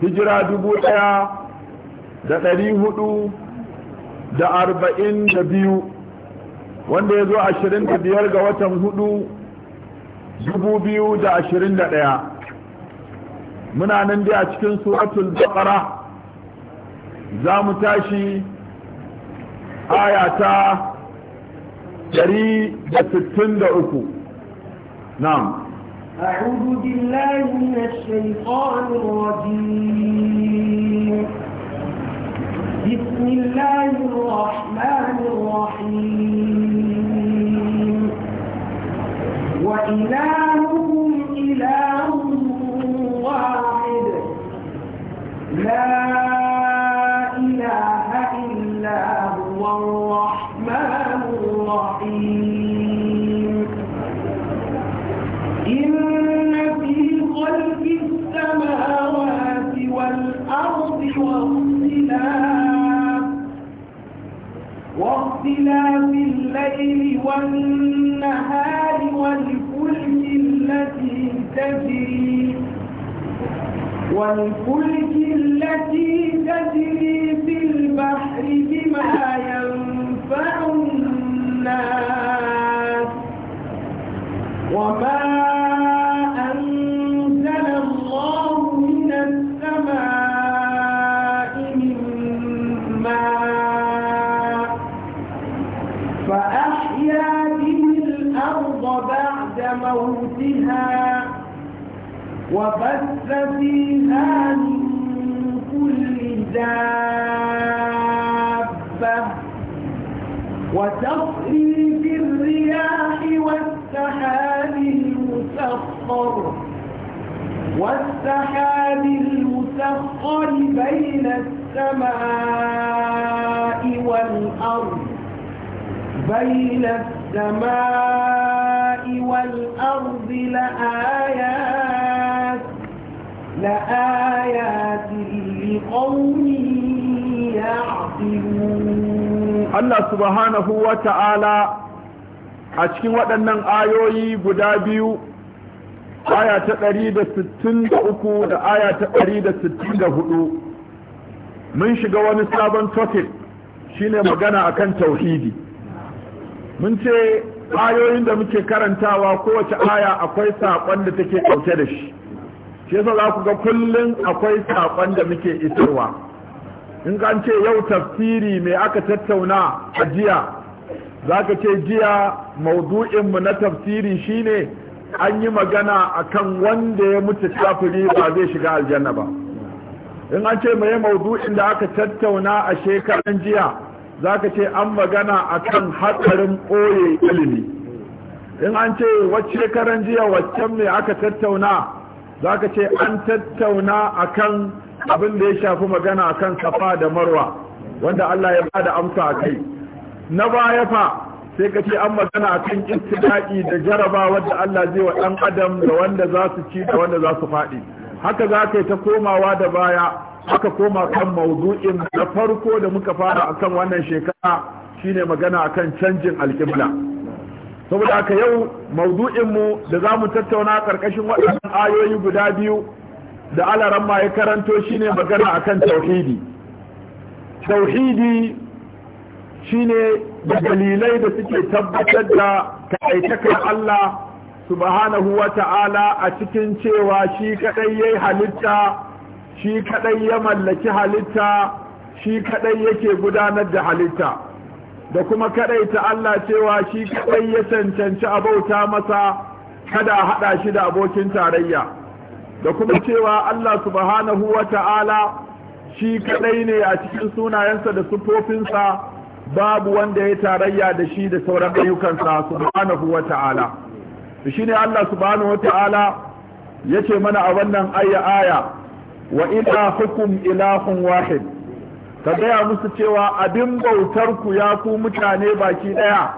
hijira dubu ɗaya da ɗari hudu da arba'in da biyu wanda ya zo ashirin da biyar ga watan hudu dubu biyu da ashirin da ɗaya muna nan dai a cikin suratul baqara za mu tashi ayata ɗari da sittin da uku na'am أعوذ بالله من الشيطان الرجيم بسم الله الرحمن الرحيم وإلهكم إله واحد لا إله إلا هو الرحمن الرحيم واختلاف الليل والنهار والفلك التي تجري والفلك التي تجري في البحر بما ينفع الناس وما وبث فيها من كل دابة وتصريف الرياح والسحاب المسخر والسحاب المسخر بين السماء والأرض بين السماء والأرض لآيات لآيات لقوم يعقلون الله سبحانه وتعالى أشكي cikin waɗannan ayoyi guda biyu aya ta 163 da aya ta 164 mun shiga wani sabon shine magana akan tauhidi mun ce ayoyin da muke karantawa kowace aya akwai sakon da take dauke da shi shi yasa za ku ga kullum akwai saƙon da muke isarwa in ka ce yau tafsiri mai aka tattauna a jiya za ka ce jiya maudu'inmu na tafsiri shine an yi magana akan wanda ya mutu kafiri ba zai shiga aljanna ba in an ce mai maudu'in da aka tattauna a shekaran jiya za ka ce an magana akan hatsarin ɓoye ilimi in an ce wacce shekaran jiya waccan mai aka tattauna za ka ce an tattauna akan abin da ya shafi magana akan safa da marwa wanda Allah ya bada amsa a kai na baya fa sai ka ce an magana akan istidaki da jaraba wanda Allah zai wa ɗan adam da wanda za su ci da wanda za su faɗi haka za ka yi ta komawa da baya aka koma kan maudu'in na farko da muka fara akan wannan shekara shine magana akan canjin alƙibla saboda aka yau maudu'inmu da za mu tattauna ƙarƙashin waɗannan ayoyi guda biyu da alaran ma ya karanto shine magana a akan tauhidi tauhidi shine da dalilai da suke tabbatar da kaɗaitakar Allah subhanahu wa ta'ala a cikin cewa shi kaɗai ya halitta shi kaɗai ya mallaki halitta shi kaɗai yake gudanar da halitta da kuma ta Allah cewa shi kadai ya cancanci a bauta masa kada a hada shi da abokin tarayya da kuma cewa Allah subhanahu wa ta'ala shi kadai ne a cikin sunayensa da sufofinsa babu wanda ya tarayya da shi da sauran ayyukansa subhanahu wa ta'ala shi ne Allah subhanahu wa ta'ala ya ce mana a wannan aya aya wa ila hukum ilahun wahid ka gaya musu cewa abin bautar ku ya ku mutane baki ɗaya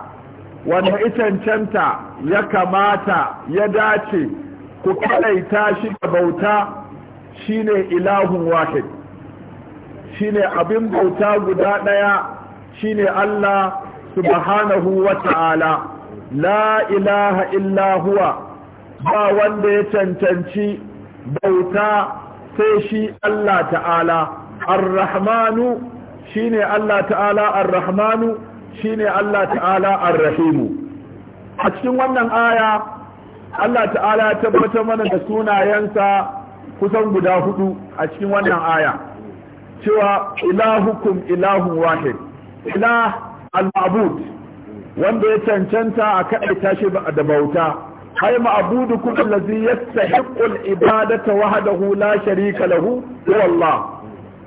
wanda icancanta ya kamata ya dace ku kaɗaita shi da bauta shine ilahun wahid shine abin bauta guda ɗaya shine Allah subhanahu wa ta'ala la ilaha illa huwa ba wanda ya cancanci bauta sai shi Allah ta'ala ar-rahmanu shine Allah ta'ala ar-rahmanu shine Allah ta'ala ar-rahimu a cikin wannan aya Allah ta'ala ya tabbatar mana da sunayensa kusan guda hudu a cikin wannan aya cewa ilahukum ilahun wahid ilah al-ma'bud wanda ya cancanta a kaɗai tashi da bauta hai ma'budukum allazi yastahiqqu al-ibadata wahdahu la sharika lahu huwa Allah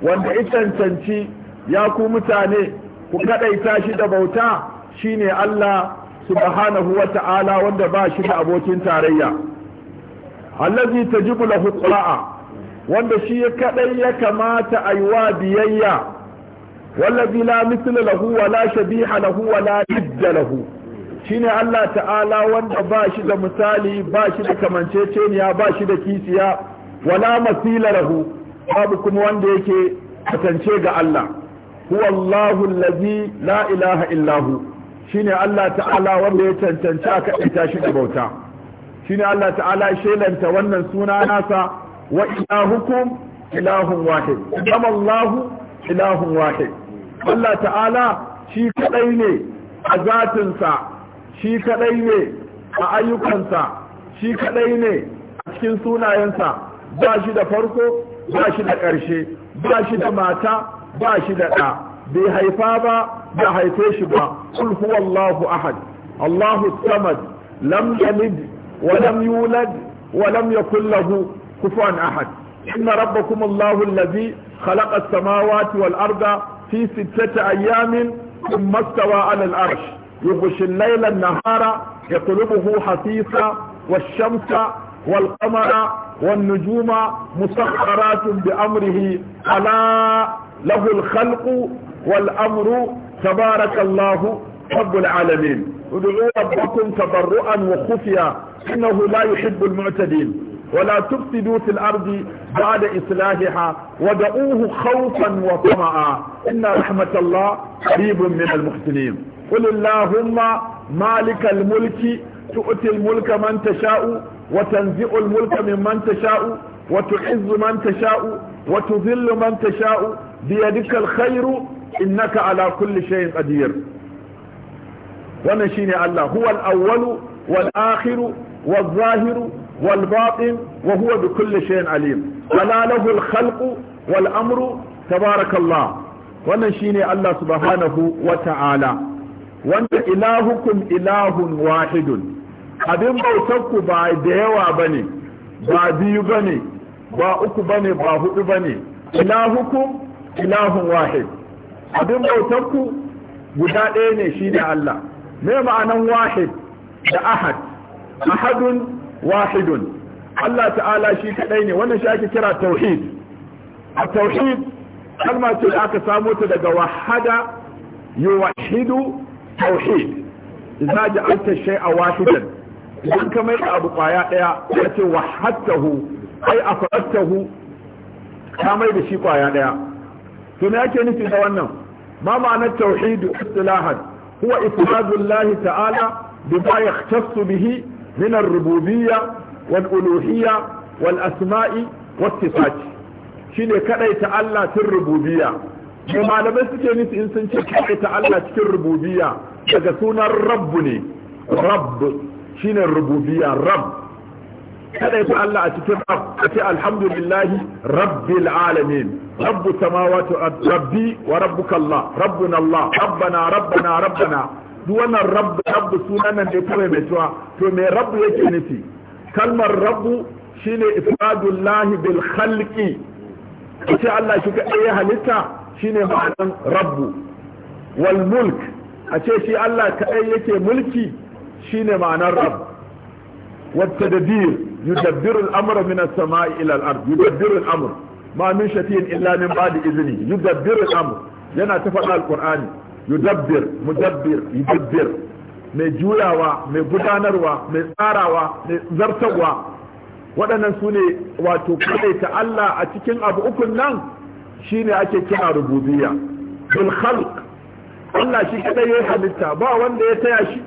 wanda cancanci ya ku mutane ku kadaita shi da bauta shine Allah subhanahu wa ta'ala wanda ba shi da abokin tarayya allazi tajibu lahu qira'a wanda shi ya kadai ya kamata a yi wa biyayya wallazi la mithla lahu wa la shabiha lahu wa la yidda lahu shine Allah ta'ala wanda ba shi da misali ba shi da kamanceceniya ba shi da kisiya wala masila lahu babu kuma wanda yake kasance ga Allah huwa Allahu allazi la ilaha illahu shine Allah ta'ala wanda ya cancanci aka ita shi da bauta shine Allah ta'ala ya shelanta wannan suna nasa wa ilahukum ilahun wahid kama Allahu ilahun wahid Allah ta'ala shi kadai ne a zatinsa shi kadai ne a ayyukansa shi kadai ne a cikin sunayensa ba shi da farko ba shi da ƙarshe ba shi da mata ba shi da ɗa bai haifa ba ba haife shi ba kul huwallahu ahad allahu samad lam yalid wa lam yulad wa lam yakul lahu kufuwan ahad inna rabbakum allahu allazi khalaqa as-samawati wal arda fi sittati ayamin thumma istawa 'ala al-arsh yughshi al-layla an-nahara yatlubuhu hasisa wash-shamsa wal-qamara والنجوم مسخرات بأمره ألا له الخلق والأمر تبارك الله رب العالمين ادعوا ربكم تبرعا وخفيا إنه لا يحب المعتدين ولا تفسدوا في الأرض بعد إصلاحها ودعوه خوفا وطمعا إن رحمة الله قريب من المحسنين قل اللهم مالك الملك تؤتي الملك من تشاء وتنزع الملك ممن تشاء وتعز من تشاء وتذل من تشاء بيدك الخير إنك على كل شيء قدير ونشين الله هو الأول والآخر والظاهر والباطن وهو بكل شيء عليم ولا له الخلق والأمر تبارك الله ونشين الله سبحانه وتعالى وانت إلهكم إله واحد abin bautarku ba da yawa ba ne ba biyu ba ne ba uku ba ne ba hudu ba ne ilahukum ilahun wahid abin bautarku guda ɗaya ne shi ne Allah me ma'anan wahid da ahad ahadun wahidun Allah ta'ala shi kaɗai ne wannan shi ake kira tauhid a tauhid kalma ce da aka samo ta daga wahada yuwahidu tauhid idza ja'alta a wahidan idan ka mai abu kwaya daya ya ce wa hattahu ai afarattahu ka mai da shi kwaya daya to me ake nufi da wannan ma ma'anar tauhid istilahan huwa ifradu Allah ta'ala bima yahtassu bihi min ar-rububiyya wal uluhiyya wal asma'i wat sifat shine kadaita Allah cin rububiyya ko malamai suke nufi in sun ce kadaita Allah cikin rububiyya daga sunan rabbu ne rabb shine rububiyya rabb kada ku Allah a cikin rabb kace alhamdulillahi rabbil alamin rabbu samawati rabbi wa rabbuka Allah rabbuna Allah rabbana rabbana rabbana duk wannan rabb Rabbu sunan nan da kuma mai cewa to me Rabbu yake nufi kalmar Rabbu shine ifradullahi bil khalqi ce Allah shi kai ya halitta shine ma'anan rabbu wal mulk a ce shi Allah kadai yake mulki shine ma'anar rabb wata dadir yudabbiru al'amura min as-sama'i ila al-ard yudabbiru al-amr ma min shatin illa min ba'di izni yudabbiru al-amr yana ta faɗa al-qur'ani yudabbir mudabbir yudabbir mai juyawa mai gudanarwa mai tsarawa mai zartarwa waɗannan su ne wato ta Allah a cikin abu ukun nan shine ake kira rububiyya bil khalq Allah shi kadai ya halitta ba wanda ya taya shi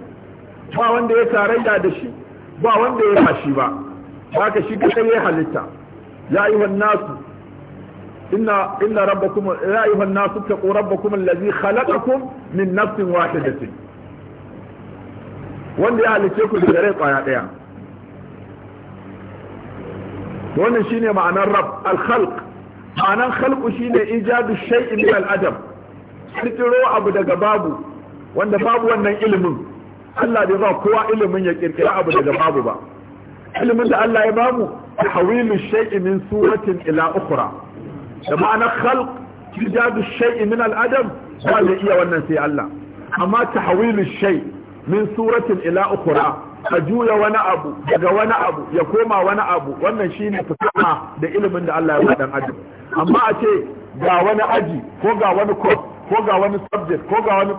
ba wanda ya tarayya da shi ba wanda ya fashi ba haka shi ka ya halitta ya ayyuhan nasu inna inna rabbakum ya ayyuhan nasu taqu rabbakum allazi khalaqakum min nafsin wahidatin wanda ya halice ku da rai kwaya daya wannan shine ma'anar rab al-khalq ma'anar khalq shine ijadu shay'in min al-adam kirkiro abu daga babu wanda babu wannan ilimin Allah bai ba kowa ilimin ya kirkira abu daga babu ba ilimin da Allah ya bamu tahwilu shay'in min suratin ila ukhra da ma'ana khalq ijadu shay'in min al-adam ba da iya wannan sai Allah amma tahawilu shay min suratin ila ukhra ka juya wani abu daga wani abu ya koma wani abu wannan shine fasaha da ilimin da Allah ya ba dan adam amma a ce ga wani aji ko ga wani course ko ga wani subject ko ga wani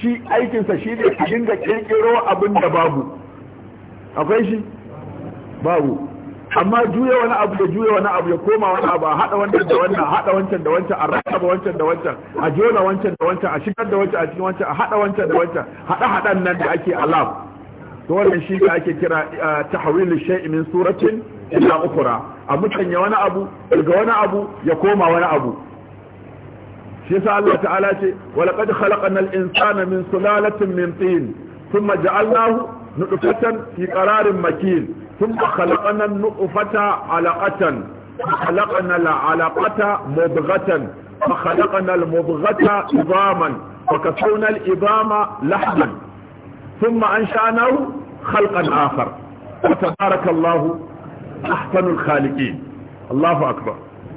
shi aikinsa shi ne a dinga kirkiro abin da babu akwai shi babu amma juya wani abu da juya wani abu ya koma wani abu a haɗa wannan da wannan hada wancan da wancan a rakaba wancan da wancan a jona wancan da wancan a shigar da wancan a cikin wancan a haɗa wancan da wancan haɗa hadan nan da ake alam to wannan shi ne ake kira tahwilu shay'in min suratin ila ukhra a mutanya wani abu daga wani abu ya koma wani abu شفاء الله تعالى ولقد خلقنا الإنسان من سلالة من طين ثم جعلناه نقفة في قرار مكين ثم خلقنا النقفة علقة خلقنا العلاقة مضغة فخلقنا المضغة إظاما وكسونا الإظام لحما ثم أنشأناه خلقا آخر وتبارك الله أحسن الخالقين الله أكبر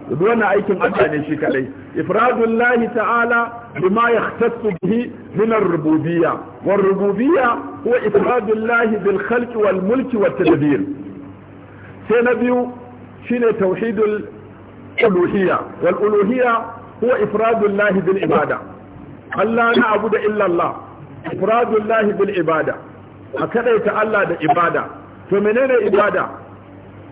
duk wannan aikin Allah ne shi kadai ifradul lahi ta'ala bima yahtassu bihi min ar-rububiyya war-rububiyya huwa ifradul lahi bil khalqi wal mulki wat tadbir sai na biyu shine tauhidul uluhiyya wal uluhiyya huwa ifradul lahi bil ibada Allah na abu da illa Allah ifradul lahi bil ibada a kadaita Allah da ibada to menene ibada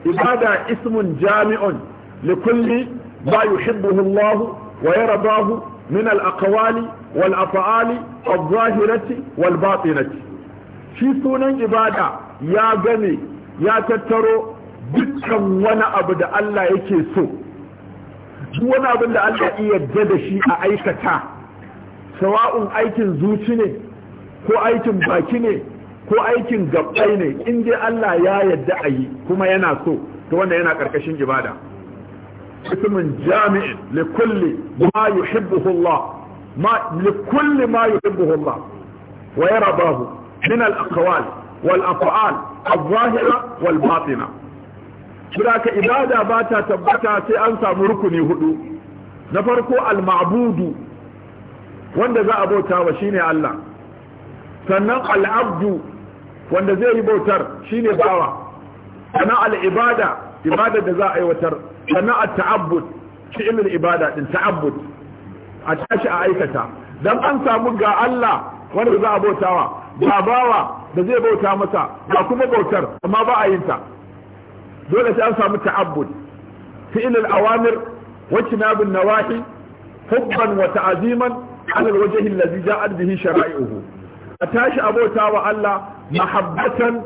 ibada ismun jami'un لكل ما يحبه الله ويرضاه من الأقوال والأفعال الظاهرة والباطنة في sunan ibada يا غني يا تترو dukkan wani abu da Allah yake so duk wani abin da Allah iya yadda da shi a aikata sawa'un aikin zuci ne ko aikin baki ne ko aikin gabbai ne in dai Allah ya yadda a yi kuma yana so ta wanda yana ƙarƙashin ibada اسم جامع لكل ما يحبه الله ما لكل ما يحبه الله ويرضاه من الأقوال والأفعال الظاهرة والباطنة هناك عباده باتا تبتا سيأنسى مركني هدو نفرق المعبود wanda za a bauta shine Allah sannan al'abdu wanda zai yi bautar shine bawa sannan al'ibada ibada da za a sannan a ta'abbud fi'ilin ibada din ta'abbud a tashi a aikata Don an samu ga Allah wanda za a bautawa ba bawa da zai bauta masa ba kuma bautar amma ba a yin ta dole sai an samu ta'abbud fi'ilin awamir wa kinabun nawahi hubban wa ta'aziman ala alwajhi allazi ja'at bihi shara'i'uhu a tashi a bautawa Allah mahabbatan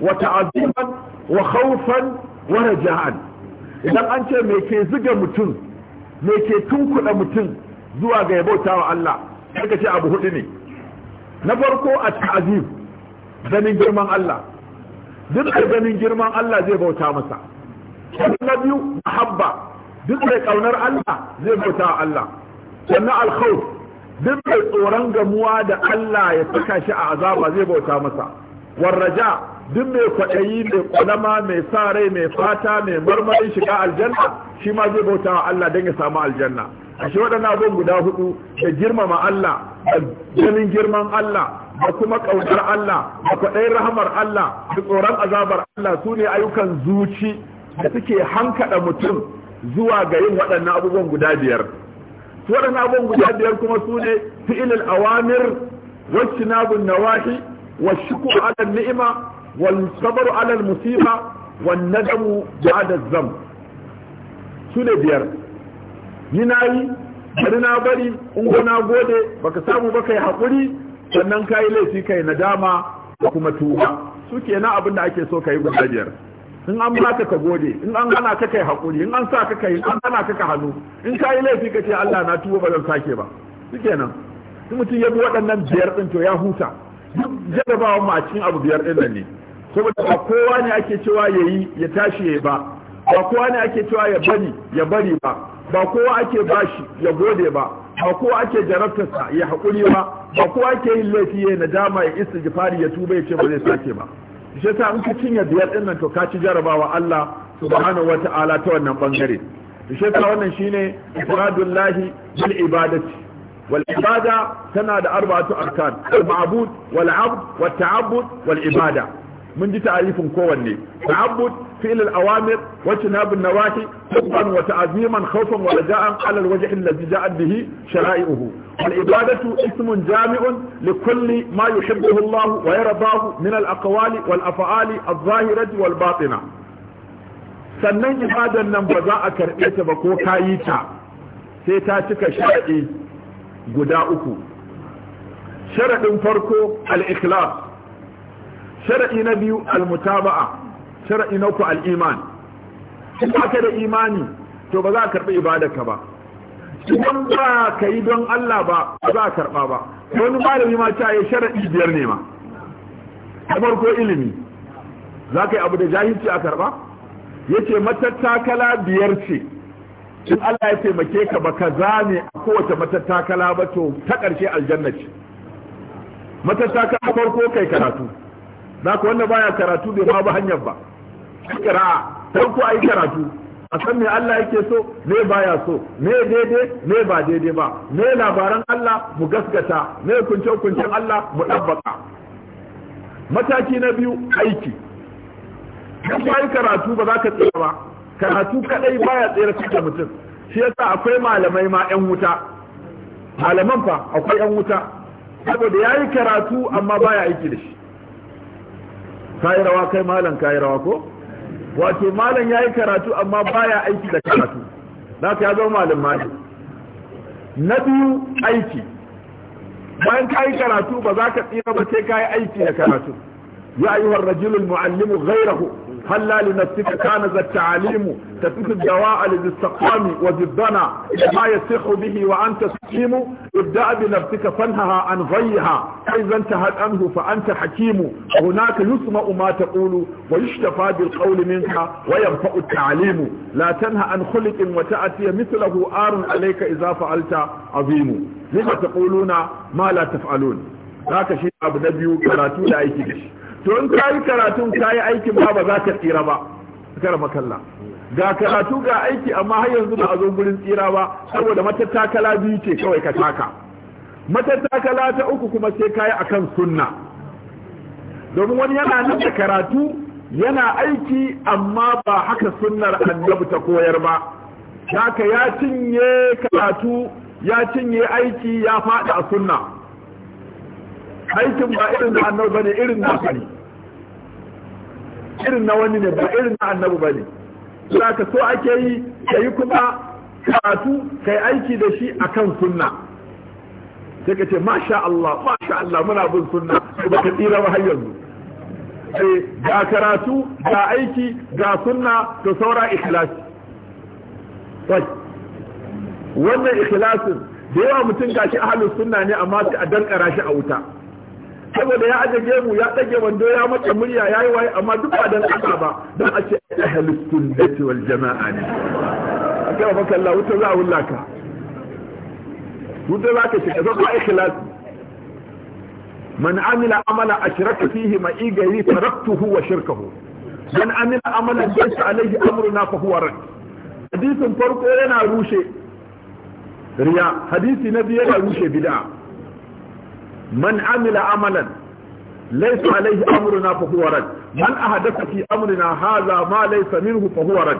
wa ta'aziman wa khawfan wa raja'an idan an ce me ke zuga mutum me ke tunkuɗa mutum zuwa ga yabauta wa Allah sai ce abu hudu ne na farko a ta'azim ganin girman Allah duk da ganin girman Allah zai bauta masa na biyu mahabba duk da kaunar Allah zai bauta wa Allah sannan alkhawf duk da tsoron gamuwa da Allah ya saka shi a azaba zai bauta masa warraja duk mai kwaɗayi mai kwalama mai sa rai mai fata mai marmarin shiga aljanna shi ma zai bauta wa Allah don ya samu aljanna ashe waɗannan abin guda hudu da girmama Allah da ganin girman Allah da kuma ƙaunar Allah da kwaɗayin rahamar Allah da tsoron azabar Allah su ne ayyukan zuci da suke hankaɗa mutum zuwa ga yin waɗannan abubuwan guda biyar su waɗannan abubuwan guda biyar kuma su ne fi'ilil awamir wacce nabun nawahi والشكر على النعمة والصبر على المصيبة والندم بعد الذنب سنة بيار يناي bari na bari in na gode baka samu ba kai hakuri sannan kai laifi kai nadama da kuma tuba su kenan abin da ake so kai guda biyar in an baka ka gode in an gana ka kai haƙuri, in an sa ka kai in an gana ka ka hannu in yi laifi ka ce Allah na tuba ba zan sake ba su kenan in mutum ya bi waɗannan biyar ɗin, to ya huta duk mu a cikin abu biyar ɗin nan ne saboda ba kowa ne ake cewa ya yi ya tashi ya ba ba kowa ne ake cewa ya bari ya bari ba ba kowa ake bashi ya gode ba ba kowa ake jarabtarsa ya haƙuri ba ba kowa ake yin laifi ya nadama ya isa istighfari ya tuba ya ce ba zai sake ba shi yasa in ka cinye biyar ɗin nan to ka ci jarabawa Allah subhanahu wata'ala ta wannan bangare shi yasa wannan shine ibadullahi bil ibadati والعبادة تنادى أربعة أركان المعبود والعبد والتعبد والعبادة من دي تعريف كوني تعبد فعل الأوامر واجتناب النواهي حبا وتعظيما خوفا ورجاء على الوجه الذي جاءت به شرائعه والعبادة اسم جامع لكل ما يحبه الله ويرضاه من الأقوال والأفعال الظاهرة والباطنة sannan ibadan nan ba za a karɓe ta ba ko kayi ta sai ta cika shari'i guda uku sharaɗin farko al-ikhlas sharaɗi na biyu al-mutaba'a sharaɗi na uku al-iman in aka da imani to ba za a karɓi ibadarka ba idan ba ka yi don Allah ba ba za a karɓa ba wani malami ma ta yi sharaɗi biyar ne ma ta farko ilimi za ka yi abu da jahilci a karɓa ya ce matattakala biyar ce in Allah ya taimake ka ba ka zame kowace matattakala ba to ta ƙarshe aljanna ce matattakala farko kai karatu za ku wanda baya karatu bai ma ba hanyar ba kira'a farko ayi karatu a san me Allah yake so me baya so me daidai me ba daidai ba me labaran Allah mu gaskata me kunce kuncin Allah mu dabbaka mataki na biyu aiki in ba karatu ba za ka tsira ba karatu kadai baya tsere da mutum shi yasa akwai malamai ma yan wuta malaman fa akwai yan wuta saboda yayi karatu amma baya aiki da shi kai rawa kai malam kai rawa ko wato malam yayi karatu amma baya aiki da karatu ka ya zo malam ne na biyu aiki bayan ka yi karatu ba za ka tsira ba sai ka yi aiki da karatu ya ayyuhar rajulul muallimu ghayrahu هلا لنفسك كان ذا التعاليم تفيد الدواء لذي السقام وذي ما يصح به وأنت سقيم ابدأ بنفسك فانهها عن غيها فإذا انتهت عنه فأنت حكيم هناك يسمع ما تقول ويشتفى بالقول منك ويرفع التعليم لا تنهى عن خلق وتأتي مثله آر عليك إذا فعلت عظيم لما تقولون ما لا تفعلون ذاك شيء أبو نبي كراتو لا يكيش to in ka yi karatun ka yi aikin ba ba za ka tsira ba kar makalla ga karatu ga aiki amma har yanzu ba a zo gurin tsira ba saboda matattakala biyu ce kawai ka taka matattakala ta uku kuma sai ka yi akan sunna domin wani yana nan da karatu yana aiki amma ba haka sunnar annabi ta koyar ba haka ya cinye karatu ya cinye aiki ya faɗi a sunna aikin ba irin da annabi bane irin na ne irin na wani ne ba irin na annabi ba ne za ka so ake yi ka yi kuma karatu ka yi aiki da shi a kan sunna sai ka ce masha Allah masha Allah muna bin sunna ba ka tsira ba har yanzu ga karatu ga aiki ga sunna to saura ikhlasi wannan ikhlasin da yawa mutum gashi ahlus sunna ne amma sai a dankara shi a wuta saboda ya aje gemu ya ɗage wando ya mace murya ya yi waye amma duk ba dan Allah ba dan a ce ahlus sunnati wal jama'a ne akai wa kalla wuta za a wullaka wuta za ka shiga sai ba ikhlas man amila amala ashraka fihi ma igayi taraktuhu wa shirkahu man amila amalan laysa alayhi amruna fa huwa rad hadisin farko yana rushe riya hadisi na biyu yana rushe bid'a man amila amalan laysa alayhi amruna fa huwa man ahadatha fi amrina hadha ma laysa minhu fa huwa rad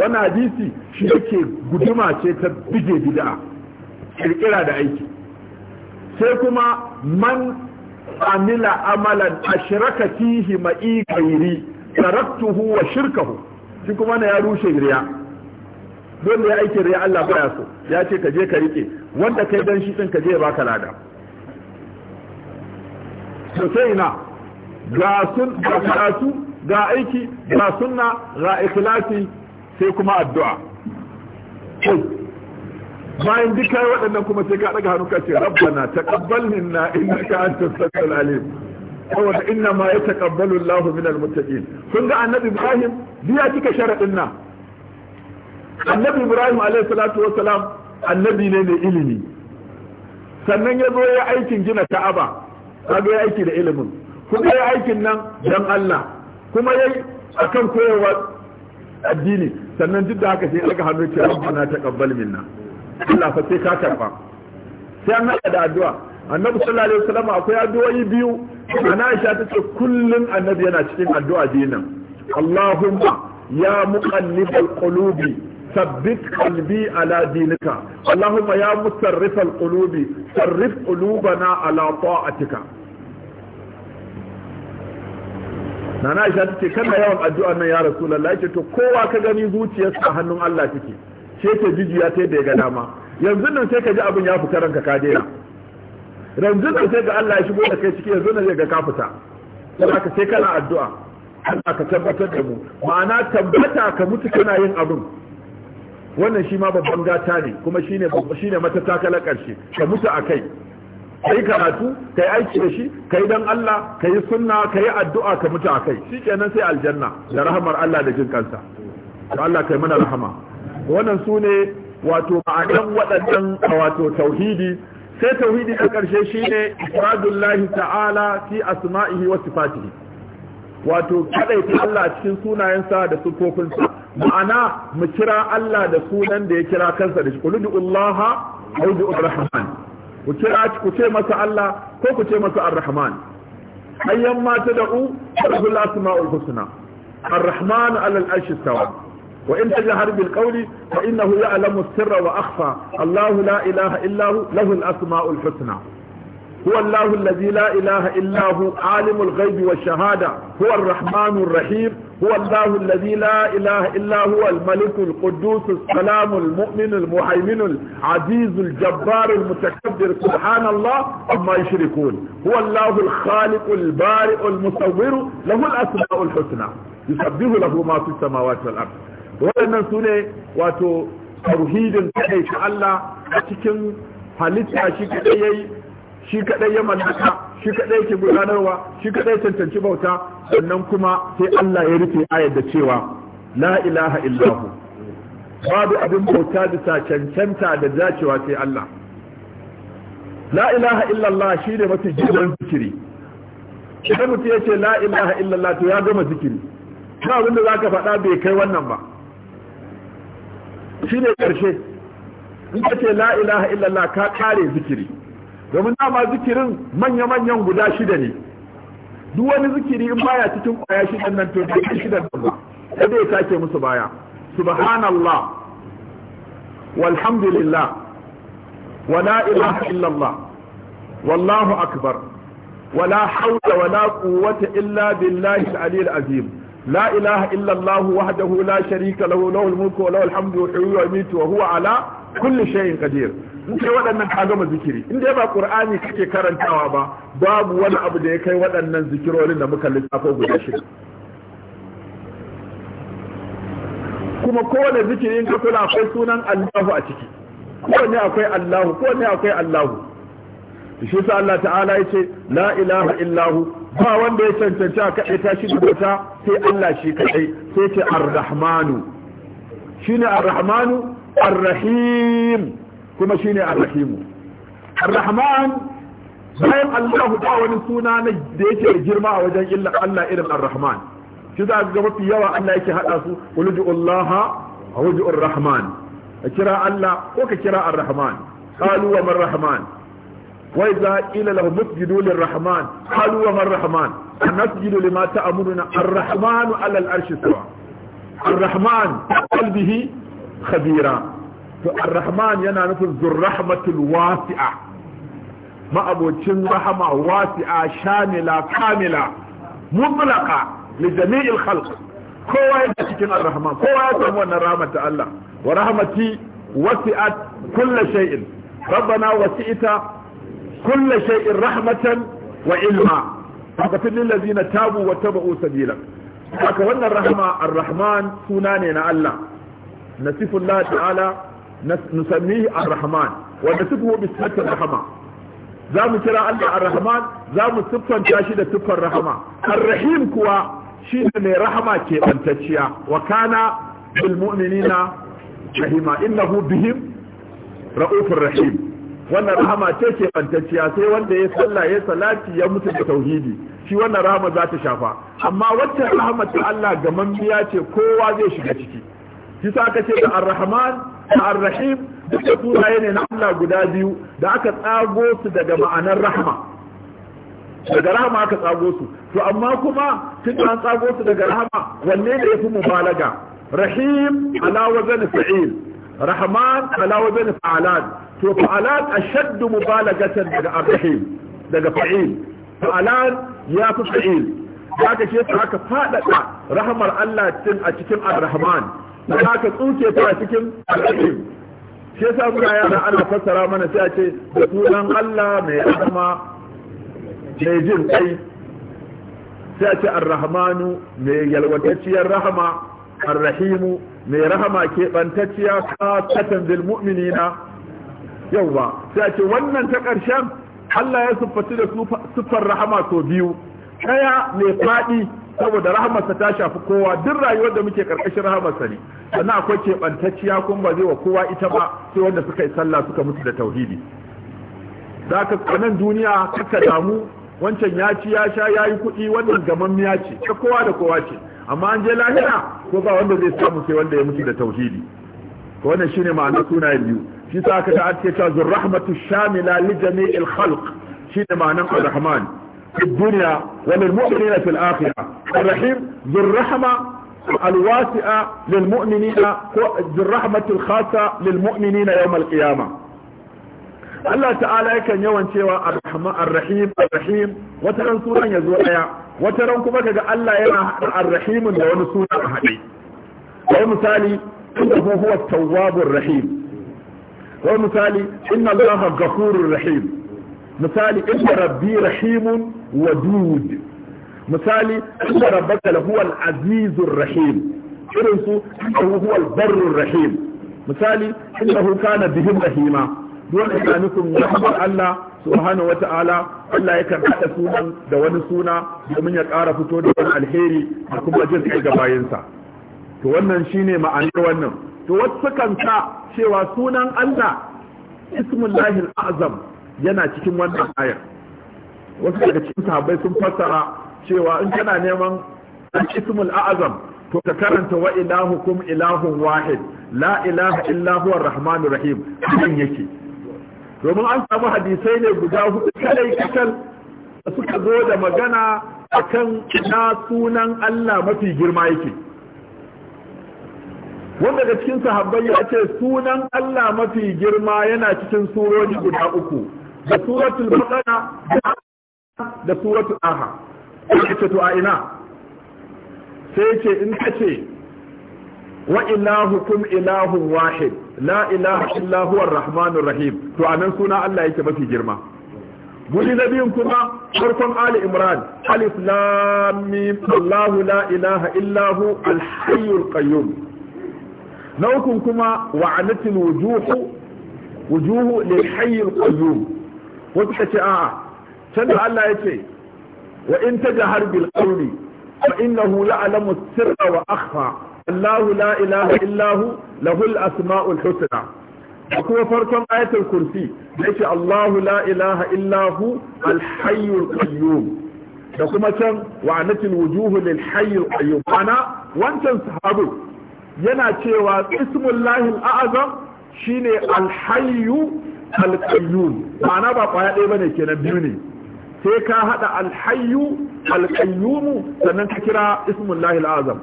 wannan hadisi shi yake guduma ce ta bige bid'a kirkira da aiki sai kuma man amila amalan ashraka fihi ma'i ghairi taraktuhu wa shirkahu shi kuma na ya rushe riya don da ya aiki riya Allah baya so ya ce ka je ka rike wanda kai dan shi din ka je ya baka lada to ga sun ga karatu ga aiki ga sunna ga ikhlasi sai kuma addu'a bayan duk kai waɗannan kuma sai ka daga hannu ka ce rabbana taqabbal minna innaka antas samiul alim aw inna ma yataqabbalu Allahu minal muttaqin kun ga annabi Ibrahim biya kika sharadin nan annabi Ibrahim alayhi salatu wassalam annabi ne mai ilimi sannan ya zo ya aikin gina ta'aba. kaga ya aiki da ilimin kuma ya aikin nan dan Allah kuma yayi akan koyarwa addini sannan duk da haka sai alga hannu ce rabbana taqabbal minna Allah fa sai ka karba sai an haɗa da addu'a annabi sallallahu alaihi wasallam akwai addu'o'i biyu ana Aisha tace kullun annabi yana cikin addu'a dinan Allahumma ya muqallibal qulubi ثبت قلبي على دينك اللهم يا مصرف القلوب صرف قلوبنا على طاعتك nana aisha ta ce kana yawan addu'a nan ya rasulullahi ce to kowa ka gani zuciyarsa a hannun Allah take ce ke jijiya ta da ya ga dama yanzu nan sai ka ji abin ya fita ranka ka daina yanzu nan sai ga Allah ya shigo da kai ciki yanzu nan zai ga ka fita sai ka sai kana addu'a Allah ka tabbatar da mu ma'ana tabbata ka mutu kana yin abin wannan shi ma babban gata ne kuma shine shine matatakalar karshe ka mutu a kai. kai karatu ka yi aiki da shi kai dan Allah kai sunna kai addu'a ka mutu a kai. shi shikenan sai aljanna da rahmar Allah da jin kansa to Allah kai mana rahama wannan sune wato ma'anan waɗannan wato tauhidi sai tauhidi a ƙarshe shine ifradullahi ta'ala fi asma'ihi wa sifatihi wato kadaita Allah cikin sunayensa da sifofinsa ma'ana mu kira Allah da sunan da ya kira kansa da shi qul du'ullaha aw ku kira ku ce masa Allah ko ku ce masa Ar-Rahman ayyan da u rabbul asmaul husna Ar-Rahman 'ala al-arshi istawa wa in tajhar bil qawli fa innahu ya'lamu sirra wa akhfa Allahu la ilaha illa hu lahu al-asmaul husna هو الله الذي لا إله إلا هو عالم الغيب والشهادة هو الرحمن الرحيم هو الله الذي لا إله إلا هو الملك القدوس السلام المؤمن المهيمن العزيز الجبار المتكبر سبحان الله عما يشركون هو الله الخالق البارئ المصور له الأسماء الحسنى يسبه له ما في السماوات والأرض وأن سنة وتوحيد تحيش الله أتكن halitta shi kaɗai ya yi shi kadai ya mallaka shi kadai ke gudanarwa shi kadai cancanci bauta sannan kuma sai Allah ya rufe ayar da cewa la ilaha illahu babu abin bauta bisa cancanta da dacewa sai Allah la ilaha illallah shi ne mafi girman zikiri idan mutum ya ce la ilaha illallah to ya gama zikiri ba abin da zaka faɗa bai kai wannan ba shi ne ƙarshe in ka ce la ilaha illallah ka kare zikiri domin dama zikirin manya-manyan guda shida ne duk wani zikiri in baya cikin kwaya shidan nan to bai shidan nan ba sai dai sake musu baya subhanallah walhamdulillah wa la ilaha illallah wallahu akbar ولا حول ولا قوة إلا بالله العلي العظيم لا إله إلا الله وحده لا شريك له له الملك وله الحمد وحيوه ويميت وهو على كل شيء قدير in kai waɗannan ka gama zikiri in dai ba qur'ani kake karantawa ba babu wani abu da ya kai waɗannan zikirorin da muka lissafo guda shida kuma kowane in ka kula akwai sunan Allahu a ciki kowane akwai Allahu kowane akwai Allahu shi sa Allah ta'ala ya ce la ilaha illahu ba wanda ya cancanci a kaɗai ta shi dubata sai Allah shi kaɗai sai ce ar-rahmanu shine ar-rahmanu ar-rahim kuma shine ar-rahim ar-rahman sai Allah da wani suna ne da yake girma a wajen illa Allah irin ar-rahman shi za ga mafi yawa Allah yake hada su ulju Allah a ar-rahman ka kira Allah ko ka kira ar-rahman qalu wa ar rahman wa ila وإذا قيل له مسجدوا للرحمن قالوا وما الرحمن نسجد لما تأمرنا الرحمن على الأرش سوا الرحمن قلبه خبيرا to ar-rahman yana nufin zurrahmatul wasi'a ma abocin rahama wasi'a shamila kamila mutlaqa li jami'il khalq kowa yake cikin ar-rahman kowa ya samu wannan rahmat ta Allah wa rahmati wasi'at kull shay'in rabbana wasi'ta kull shay'in rahmatan wa ilma haka fakafin lillazina tabu wa tabu sabila haka wannan rahma ar-rahman suna ne na Allah nasifullah ta'ala nusammihi ar-rahman wanda sifu bi sifatir rahama za mu kira Allah ar-rahman za mu siffanta shi da siffar rahama ar-rahim kuwa shine mai rahama ke bantacciya wa kana bil mu'minina rahima innahu bihim rahim wannan rahama ce ke sai wanda ya sallah ya salati ya mutu da tauhidi shi wannan rahama za ta shafa amma wancan rahama ta Allah ga mambiya ce kowa zai shiga ciki shi sa aka ce da da ar-rahim duk da sunaye ne na Allah guda biyu da aka tsago su daga ma'anar rahma daga rahama aka tsagosu. to amma kuma tun da an tsago daga rahma, wanne ne yafi mubalaga rahim ala wazn fa'il rahman ala wazn fa'alan to fa'alan ashaddu mubalagatan daga ar-rahim daga fa'il fa'alan ya fi fa'il haka ce aka faɗaɗa rahamar Allah a cikin ar-rahman Sai aka tsuke ta a cikin al'adim shi yasa muna yara ana fassara mana sai a ce da sunan Allah mai rahama mai jin kai sai a ce arrahmanu mai yalwatacciyar rahama arrahimu mai rahama keɓantacciya kasatan bil mu'minina yawwa sai a ce wannan ta ƙarshen Allah ya siffatu da siffar rahama sau biyu ɗaya mai faɗi saboda rahamarsa ta shafi kowa duk rayuwar da muke karkashin rahamarsa ne sannan akwai keɓantacciya kuma ba zai wa kowa ita ba sai wanda suka yi sallah suka mutu da tauhidi za ka kanan duniya kaka damu wancan ya ci ya sha ya yi kuɗi wannan gaman ya ce ta kowa da kowa ce amma an je lahira ko ba wanda zai samu sai wanda ya mutu da tauhidi ko wannan shine ma'anar sunayen biyu shi sa aka ta ake cewa zurrahmatu shamila li jami'il khalq shine ma'anar alrahman rahman في الدنيا وللمؤمنين في الآخرة الرحيم ذو الرحمة الواسعة للمؤمنين ذو الرحمة الخاصة للمؤمنين يوم القيامة الله تعالى كان يوان شوى الرحمة الرحيم الرحيم وترن سورا يزوايا وترن كبكة الله ينا الرحيم لون سورا الحديث ومثالي انه هو التواب الرحيم ومثالي ان الله غفور رحيم مثالي ان ربي رحيم wadud misali inna rabbaka lahuwal azizur rahim irin su innahu huwal barrur rahim misali innahu kana bihim rahima dole islamukum rahmar Allah subhanahu wata'ala Allah ya kan hada sunan da wani suna domin ya ƙara fito da wani alheri da kuma jin kai ga bayansa to wannan shine ma'anar wannan to wasu kan sa cewa sunan Allah ismullahil azam yana cikin wannan ayar wasu daga cikin sahabbai sun fassara cewa in kana neman al-ismul a'zam to ka karanta wa ilahukum ilahun wahid la ilaha illa huwa ar-rahmanur rahim hakan yake domin an samu hadisai ne guda hudu kadai kakal suka zo da magana akan na sunan Allah mafi girma yake wanda daga cikin sahabbai ya ce sunan Allah mafi girma yana cikin surori guda uku da suratul baqara da suratu aha sai ce a ina sai ce in ka ce wa ilahukum ilahun wahid la ilaha illa huwa rahmanur rahim to anan suna Allah yake mafi girma guri na biyun kuma farkon ali imran alif lam allahu la ilaha illa hu qayyum na uku kuma wa'anatil wujuhu wujuhu lil hayyul qayyum wata ce a'a can da Allah ya ce wa in tajhar bil qawli fa innahu la'lamu sirra wa akhfa Allahu la ilaha illa hu lahul asma'ul husna da kuma farkon ayatul kursi yake Allahu la ilaha illa hu al hayyul qayyum da kuma can wa'anatil wujuhu lil hayyul qayyum ana wancan sahabu yana cewa ismullahi al-a'zam shine al hayyu al qayyum ana ba kwaya ɗaya bane kenan biyu ne sai ka haɗa alhayyu alqayyum sannan ka kira ismullahi alazam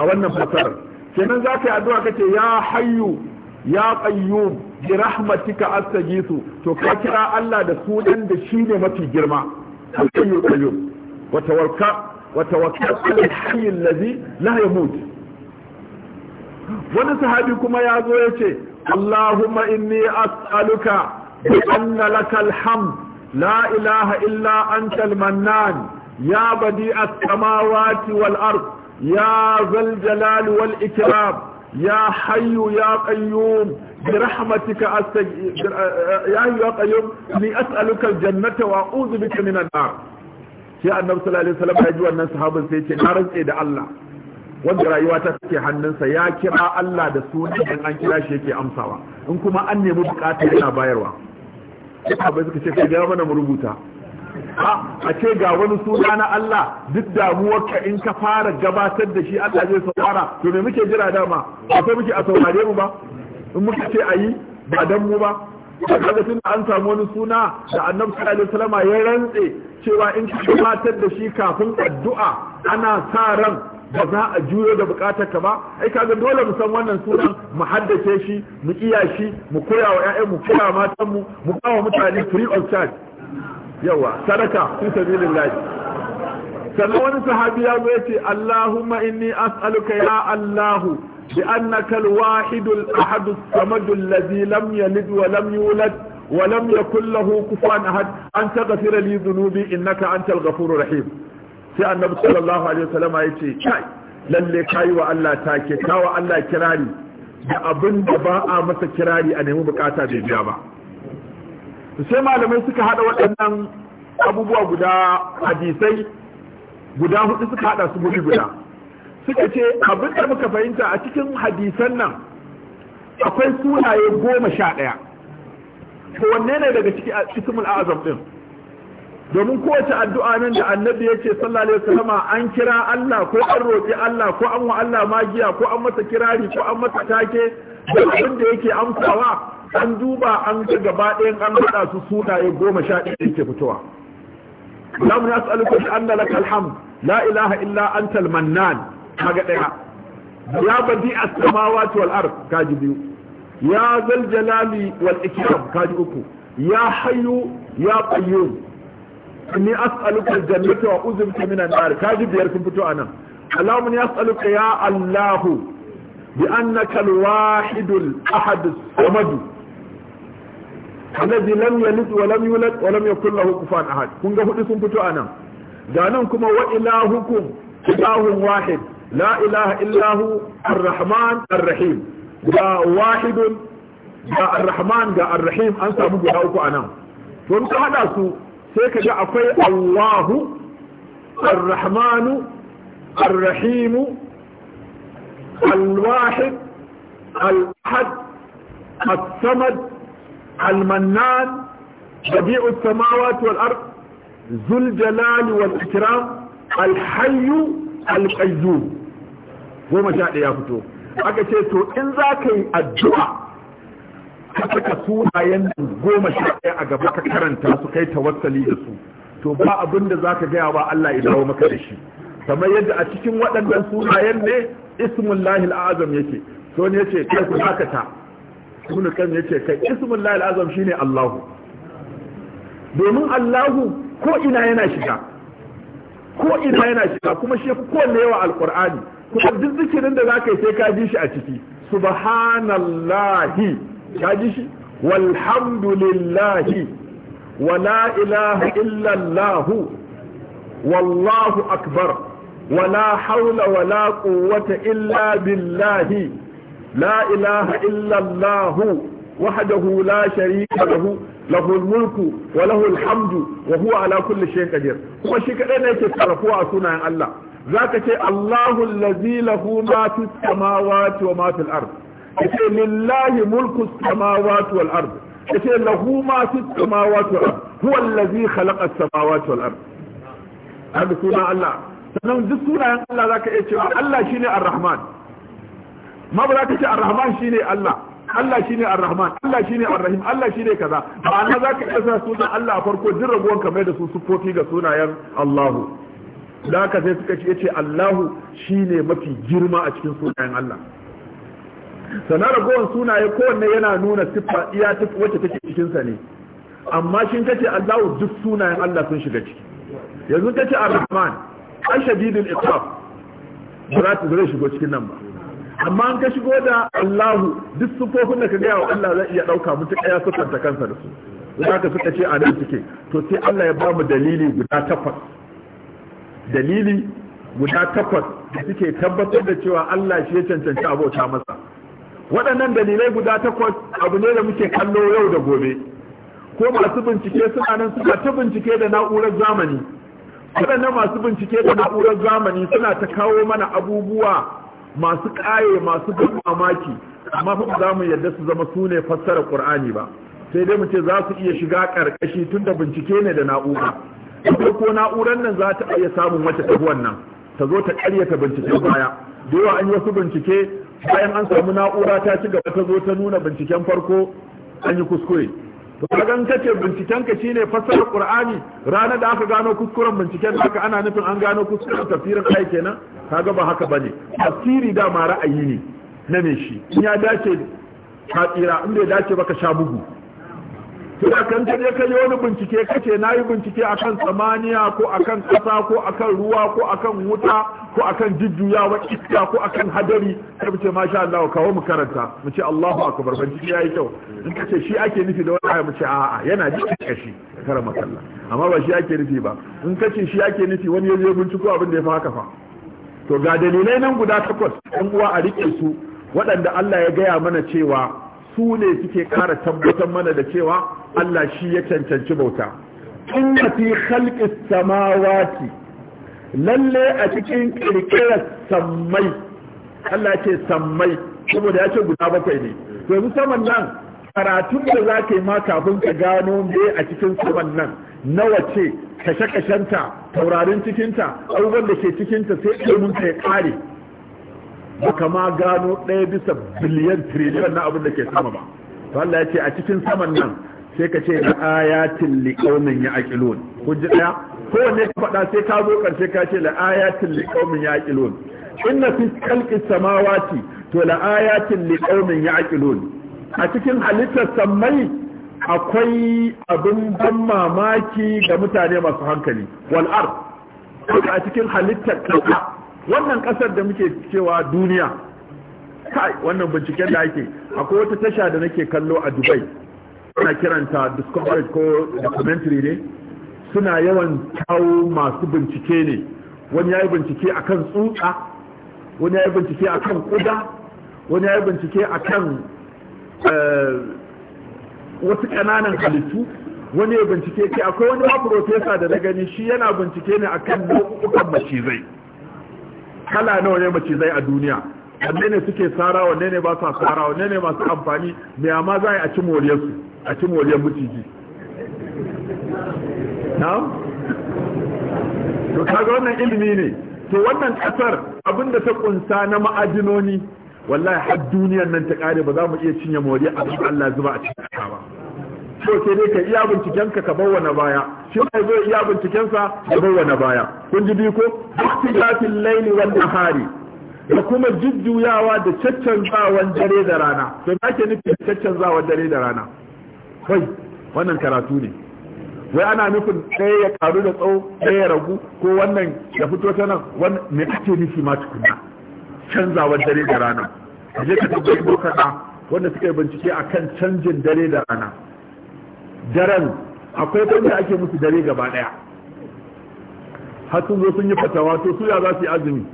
a wannan fasar kenan zaka yi addu'a kace ya hayyu ya qayyum bi rahmatika astaghithu to ka kira Allah da sunan da ne mafi girma alhayyu alqayyum wa tawakka wa tawakkal ala alhayy alladhi la yamut wani sahabi kuma ya zo ya ce Allahumma inni as'aluka bi anna lakal hamd لا إله إلا أنت المنان يا بديع السماوات والأرض يا ذا الجلال والإكرام يا حي يا قيوم برحمتك أستج... يا أيها القيوم لأسألك الجنة وأعوذ بك من النار sai annabi sallallahu alaihi wasallam ya ji wannan sahabin sai ce na rantse da Allah wanda rayuwa ta take hannunsa ya kira Allah da sunan an kira shi yake amsawa in kuma an nemi bukata yana bayarwa abai suka ce mana mu rubuta a ce ga wani suna na Allah duk damuwar ka in ka fara gabatar da shi Allah zai saurara to me muke jira dama ba sai muke a saurare mu ba in muka ce ayi ba dan mu ba kaga tun an samu wani suna da annabi sallallahu alaihi wasallam ya rantse cewa in ka gabatar da shi kafin addu'a ana sa ran ba za a juyo da bukatar ka ba ai kaga dole mu san wannan sunan mu haddace shi mu iya shi mu koya wa ƴaƴan mu koya matan mu mu kawo mutane free of charge yawa sadaka fi sabilillah sannan wani sahabi ya zo yace Allahumma inni as'aluka ya Allahu bi annaka al-wahid al-ahad as-samad alladhi lam yalid wa lam yulad wa lam yakul lahu kufuwan ahad an taghfira li dhunubi innaka antal ghafurur rahim sai annabi sallallahu alaihi wasallam ya ce kai lalle kai wa Allah take wa Allah kirari da abin da ba a masa kirari a nemi bukata bai biya ba sai malamai suka hada waɗannan abubuwa guda hadisai guda hudu suka hada su guri guda suka ce abin da muka fahimta a cikin hadisan nan akwai sunaye goma sha ɗaya to wanne ne daga cikin ismul azam din domin kowace addu'a nan da annabi ya ce sallallahu alaihi wasallam an kira Allah ko an roƙi Allah ko an wa Allah magiya ko an masa kirari ko an masa take da abin da yake amsawa an duba an ga gaba ɗayan an haɗa su sunaye goma sha ɗaya yake fitowa lam nas'aluka bi anna laka alhamd la ilaha illa anta almannan kaga ɗaya ya badi as-samawati wal ard kaji biyu ya zal jalali wal ikram kaji uku ya hayyu ya qayyum inni as'aluka aljannata wa uzbika minan nar kaji biyar sun fito anan Allahumma inni as'aluka ya Allahu bi annaka alwahid alahad as-samad alladhi lam yalid wa lam yulad wa lam yakul lahu kufuwan ahad kun ga hudu sun fito anan ga nan kuma wa ilahukum ilahun wahid la ilaha illa hu arrahman arrahim ga wahidun ga arrahman ga arrahim an samu guda uku anan to in ka hada su sai ka ga akwai Allahu Ar-Rahmanu Ar-Rahimu Al-Wahid Al-Ahad As-Samad Al-Mannan بديع السماوات والأرض ذو الجلال والإكرام الحي القيوم goma sha ɗaya fito aka ce to in za ka yi addu'a ka saka sunayen goma sha ɗaya a gaba ka karanta su kai tawassali da su to ba abin da za ka gaya ba Allah ya dawo maka da shi kamar yadda a cikin waɗannan sunayen ne ismullahi al'azam yake so ne yace kai ku dakata ibn kan yace kai ismullahi al'azam shine Allahu domin Allahu ko ina yana shiga ko ina yana shiga kuma shi ku kowanne yawa alqur'ani kuma duk zikirin da zaka yi sai ka ji shi a ciki subhanallahi ka ji shi walhamdulillahi wa la ilaha illallah wallahu akbar wa la hawla wa la quwwata illa billahi la ilaha illallah wahdahu la sharika lahu lahu mulku wa lahu alhamdu wa huwa ala kulli shay'in qadir kuma shi kadai ne yake sarrafuwa a sunayen Allah zaka ce Allahu allazi lahu ma fis samawati wa ma fil ardh yace lillahi mulku samawati wal ard yace lahu ma fi samawati wal ard huwa allazi khalaqa samawati wal ard hada suna Allah sannan duk sunayen Allah zaka iya cewa Allah shine ar-rahman ma ba zaka ce ar-rahman shine Allah Allah shine ar-rahman Allah shine ar-rahim Allah shine kaza ba na zaka iya sa sunan Allah farko duk rabuwan kamar da su sufofi ga sunayen Allah. da haka sai suka ce Allah Allahu shine mafi girma a cikin sunayen Allah sannan ragowar sunaye kowanne yana nuna siffa iya wacce take cikinsa ne amma shin kace Allahu duk sunayen Allah sun shiga ciki yanzu kace Ar-Rahman shadidin ikraf ba zai shigo cikin nan ba amma an ka shigo da Allahu duk sufofin da ka gaya wa Allah zai iya dauka mutum ya sufanta kansa da su za ka suka ce a nan suke to sai Allah ya ba mu dalili guda takwas dalili guda takwas da suke tabbatar da cewa Allah shi ya cancanci abota masa waɗannan dalilai guda takwas abu ne da muke kallo yau da gobe ko masu bincike suna nan suna ta bincike da na'urar zamani waɗannan masu bincike da na'urar zamani suna ta kawo mana abubuwa masu ƙaye masu ban mamaki amma fa za mu yadda su zama su ne fassara qur'ani ba sai dai mu ce za su iya shiga ƙarƙashi tun da bincike ne da na'ura ko na'urar nan za ta iya samun wata tabuwan nan ta zo ta ƙaryata bincike baya da yawa an yi wasu bincike bayan an samu na'ura ta ci gaba ta zo ta nuna binciken farko an yi kuskure to ka kace binciken ka shine fassarar qur'ani ranar da aka gano kuskuren binciken da aka ana nufin an gano kuskuren tafsirin ai kenan kaga ba haka bane tafsiri da ma ra'ayi ne na me shi in ya dace ka tsira in bai dace ba ka sha bugu kuma kan je ka yi wani bincike kace na yi bincike akan samaniya ko akan ƙasa ko akan ruwa ko akan wuta ko akan jujjuyawa iska ko akan hadari sai mu ce masha Allah kawo mu karanta mu ce Allahu akbar bincike yayi kyau in kace shi ake nufi da wani mu ce a'a yana jikin kashi karama masalla amma ba shi ake nufi ba in kace shi ake nufi wani ya je binciko abin da ya fa haka fa to ga dalilai nan guda takwas ɗan uwa a rike su waɗanda Allah ya gaya mana cewa su ne suke ƙara tabbatar mana da cewa Allah shi ya cancanci bauta inna fi khalqis samawati lalle a cikin ƙirƙirar sammai Allah ce sammai saboda ya ce guda bakwai ne to yanzu saman nan karatun da za ka yi ma kafin ka gano me a cikin saman nan nawa ce kashe-kashenta taurarin cikinta abubuwan da ke cikinta sai ilimin ka ya ƙare baka ma gano ɗaya bisa biliyan triliyan na abin da ke sama ba to Allah ya ce a cikin saman nan sai ka ce la ayatin ya aƙilon kun ji ko kowanne ka faɗa sai ka zo ƙarshe ka ce la ayatin aƙilon In na fi kalƙi samawati to la ayatin ya aƙilon a cikin halittar samai akwai abin ban mamaki ga mutane masu hankali Wal'ar. ard a cikin halittar ƙasa wannan kasar da muke cewa duniya kai wannan binciken da ake akwai wata tasha da nake kallo a dubai ana kiranta discovery ko documentary ne suna yawan kawo masu bincike ne wani ya yi bincike akan tsutsa wani ya yi bincike akan kuda wani ya yi bincike akan eh, wasu ƙananan halittu wani ya bincike ke akwai wani ma profesa da na gani shi yana bincike ne akan nau'ukan macizai kala nawa ne macizai a duniya wanne ne suke sara wanne ne ba sa sara wanne ne masu amfani me amma za a ci moriyar su a ci moriyar maciji na'am to kaga wannan ilimi ne to wannan kasar abinda ta kunsa na ma'adinoni wallahi har duniyar nan ta kare ba za mu iya cinye moriyar abin Allah zuba a cikin ba ko sai dai ka iya binciken ka ka bawa na baya shi ma zai iya bincikensa sa ya bawa na baya kun ji biko ikhtilafil layli wan nahari da kuma jujjuyawa da caccanzawan dare da rana to me ake nufi caccanzawan dare da rana kai wannan karatu ne wai ana nufin ɗaya ya karu da tsawo ɗaya ya ragu ko wannan ya fito ta nan wannan me ake nufi ma tukunna canzawar dare da rana je ka tabbai dokaka wanda suka yi bincike akan canjin dare da rana daren akwai da ake musu dare gaba daya har sun zo sun yi fatawa to suya za su yi azumi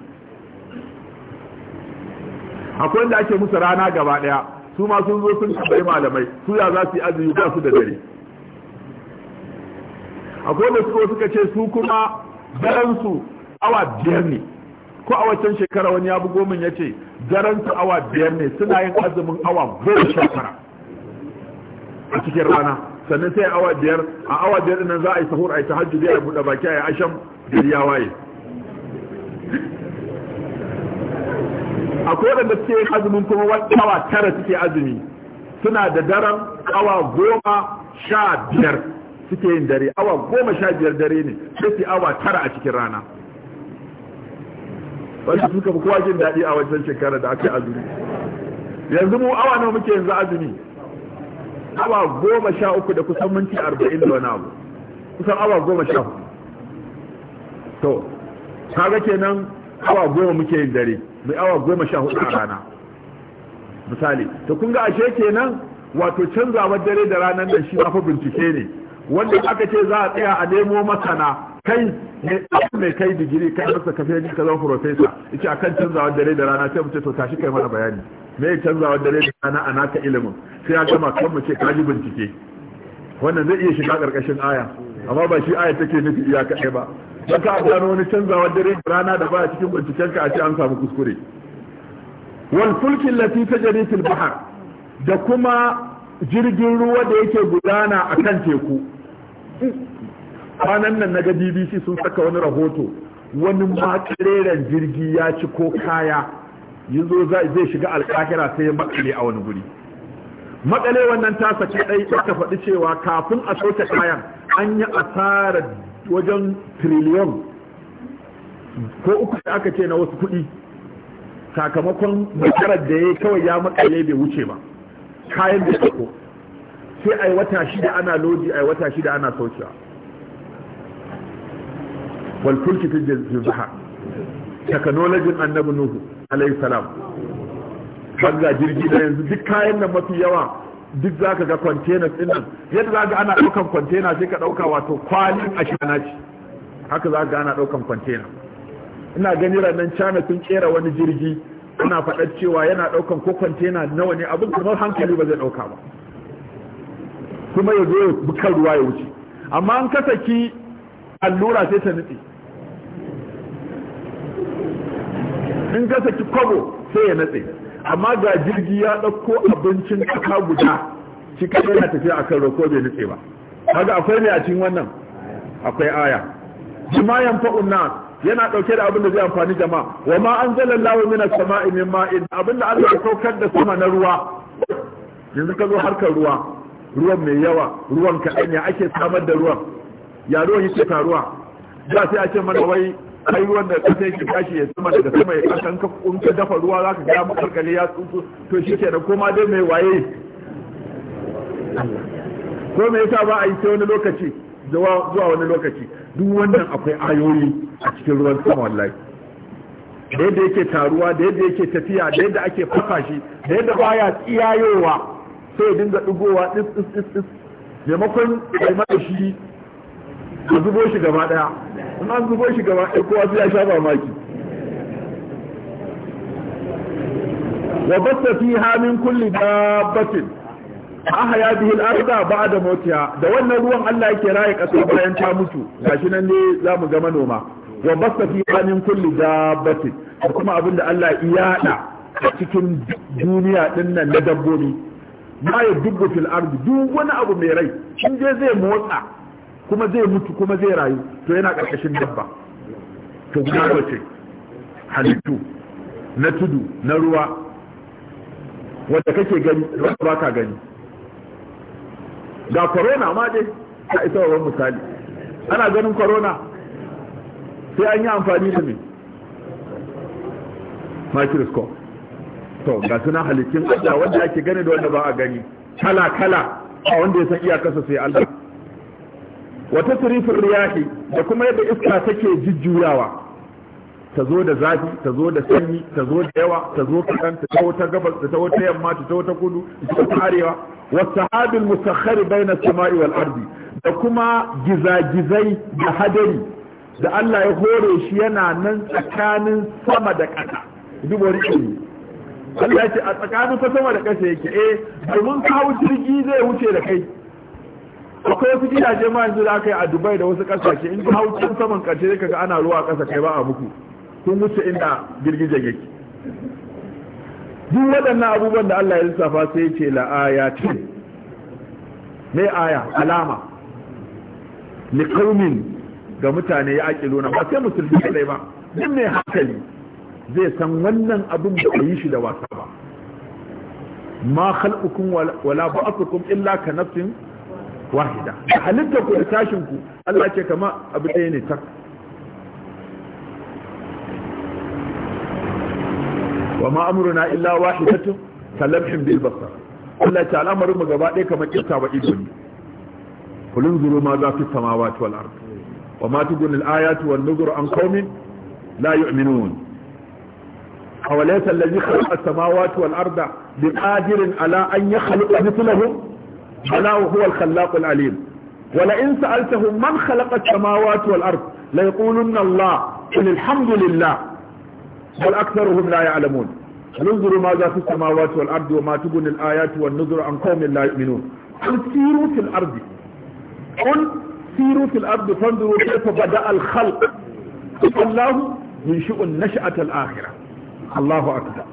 akwai wanda ake musu rana gaba daya su ma sun zo sun kabai malamai suya za su yi azumi ba su da dare akwai wanda suka suka ce su kuma daren su awa biyar ne ko a wancan shekara wani ya bugo min ya ce daren su awa biyar ne suna yin azumin awa goma shekara a cikin rana sannan sai awa biyar a awa biyar nan za a yi sahur a yi tahajjudi a yi buɗe baki a yi asham da ya waye akwai wanda suke yin azumin kuma awa tara suke azumi suna da daren awa goma sha biyar suke yin dare awa goma sha biyar dare ne sai su awa tara a cikin rana wasu suka fi kowa jin daɗi a wajen shekara da aka yi azumi yanzu mu awa nawa muke yanzu azumi awa goma sha uku da kusan minti arba'in da wani abu kusan awa goma sha uku to kaga kenan awa goma muke yin dare mai awa goma sha hudu a rana misali to kun ga ashe kenan wato canza wa dare da ranar da shi mafi bincike ne wanda aka ce za a tsaya a nemo masana kai ne mai kai digiri kai masa kafe ne ka zama profesa yace akan canzawar dare da rana sai mu ce to tashi kai mana bayani me canzawar dare da rana a naka ilimin sai ya gama kan mu ce ka ji bincike wannan zai iya shiga karkashin aya amma ba shi aya take nufi iya kaɗai ba don ka gano wani canzawar dare da rana da ba cikin binciken ka a ce an samu kuskure wal fulkin lati tajri fil bahr da kuma jirgin ruwa da yake gudana akan teku kwanan nan na ga bbc sun saka wani rahoto wani makareren jirgi ya ci ko kaya yanzu zai shiga alkahira sai ya makale a wani guri makale wannan ta sake ɗai ta faɗi cewa kafin a soke kayan an yi asarar wajen triliyon ko uku da aka ce na wasu kuɗi sakamakon makarar da ya kawai ya makale bai wuce ba kayan da ya sai a yi wata shida ana lodi a yi wata shida ana saukewa wal fulki fil jazbaha technology annabi nuhu alayhi salam har jirgi da yanzu duk kayan nan mafi yawa duk zaka ga containers din nan yadda zaka ana daukan container sai ka dauka wato kwalin ashana ce haka zaka ga ana daukan container ina gani ranan cana sun kera wani jirgi ana faɗar cewa yana daukan ko container nawa ne abin kamar hankali ba zai dauka ba kuma ya zo bukan ruwa ya wuce amma an kasaki allura sai ta nutse in ka saki kwabo sai ya natse amma ga jirgi ya ɗauko abincin ƙasa guda shi ka yana tafiya a kan roko bai nutse ba kaga akwai ne a cikin wannan akwai aya jimayan fa'un na yana ɗauke da abin da zai amfani jama'a wa ma an zala minas mina sama'i min ma'in abin da Allah ya saukar da sama na ruwa yanzu ka zo harkar ruwa ruwan mai yawa ruwan kaɗan ya ake samar da ruwan ya ruwan yake taruwa da sai ake mana wai ai wanda sai ki tashi ya sama daga sama ya kasan ka kun ka dafa ruwa zaka ga mu ya tsuntsu to shikenan koma dai mai waye ko me yasa ba a yi sai wani lokaci zuwa wani lokaci duk wannan akwai ayoyi a cikin ruwan sama wallahi da yadda yake taruwa da yadda yake tafiya da yadda ake faka shi da yadda baya tsiyayowa sai dinga digowa tsis tsis tsis maimakon a yi shi a zubo shi gaba daya in an zubo shi gaba ɗaya kowa ya sha mamaki wa batta fiha min kulli dabbatin ya bihi al-arda ba'da mautiha da wannan ruwan Allah yake raye kasa bayan ta mutu gashi nan ne zamu ga manoma wa basta fiha min kulli dabbatin kuma abinda Allah ya yaɗa a cikin duniya din nan na dabbobi ma ya dubbu fil ardi duk wani abu mai rai shin je zai motsa kuma zai mutu kuma zai rayu to yana karkashin dabba to guda wace halittu na tudu na ruwa wanda kake gani wanda ba ka gani ga corona ma dai ta isa wa misali ana ganin corona sai an yi amfani da me microscope to ga suna halittun ƙasa wanda ake gani da wanda ba a gani kala kala a wanda ya san iyakarsa sai Allah wa tasrifur riyahi da kuma yadda iska take jujjuyawa ta zo da zafi ta zo da sanyi ta zo da yawa ta zo kaɗan ta zo ta gabas ta zo ta yamma ta zo ta kudu ta taho ta arewa wasahabil musakhkhari baina samai wal ardi da kuma gizagizai da hadari da Allah ya hore shi yana nan tsakanin sama da ƙasa duk wani Allah ya ce a tsakanin sama da ƙasa yake eh domin kawo jirgi zai wuce da kai akwai wasu gidaje ma yanzu da aka yi a dubai da wasu kasashe in ka hau saman karshe ka kaga ana ruwa kasa kai ba a muku kun wuce inda girgije yake duk waɗannan abubuwan da Allah ya lissafa sai ya ce la ce me aya alama li qaumin ga mutane ya aqiluna ba sai musulmi kadai ba duk mai hankali zai san wannan abin da bai yi shi da wasa ba ma khalqukum wala ba'athukum illa ka nafsin wahida da halitta ku da tashin ku Allah ce kama abu ɗaya ne tak wa ma amruna illa wahidatu kalamhim bil basar Allah ta al'amarin mu gaba ɗaya kamar kirta ba ido ne kulun zuru ma za fi samawati wal ard wa ma tudun al ayatu wan nuzur an qaumin la yu'minun awalaysa alladhi khalaqa as-samawati wal arda biqadirin ala an yakhluqa mithlahum ألا وهو الخلاق العليم ولئن سألتهم من خلق السماوات والأرض ليقولن الله قل الحمد لله بل أكثرهم لا يعلمون انظروا ماذا في السماوات والأرض وما تبني الآيات والنذر عن قوم لا يؤمنون قل سيروا في الأرض قل سيروا في الأرض فانظروا كيف بدأ الخلق الله ينشئ النشأة الآخرة الله أكبر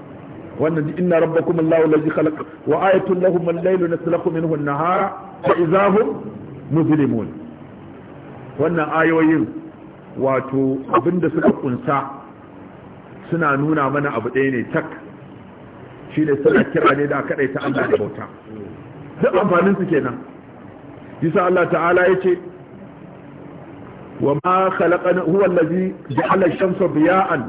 wannan inna rabbakum allahu allazi khalaq wa ayatun lahum al-laylu naslaqu minhu an-nahara fa idza hum muzlimun wannan ayoyin wato abinda suka kunsa suna nuna mana abu ɗaya ne tak shi ne suna kira ne da kaɗai ta Allah da bauta duk amfanin su kenan yasa Allah ta'ala ya ce wa ma khalaqana huwa allazi ja'ala ash-shamsa diya'an